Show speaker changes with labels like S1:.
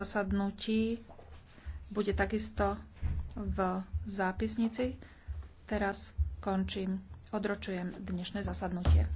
S1: zasadnutí bude takisto v zápisnici. Teraz končím, odročujem dnešné zasadnutie.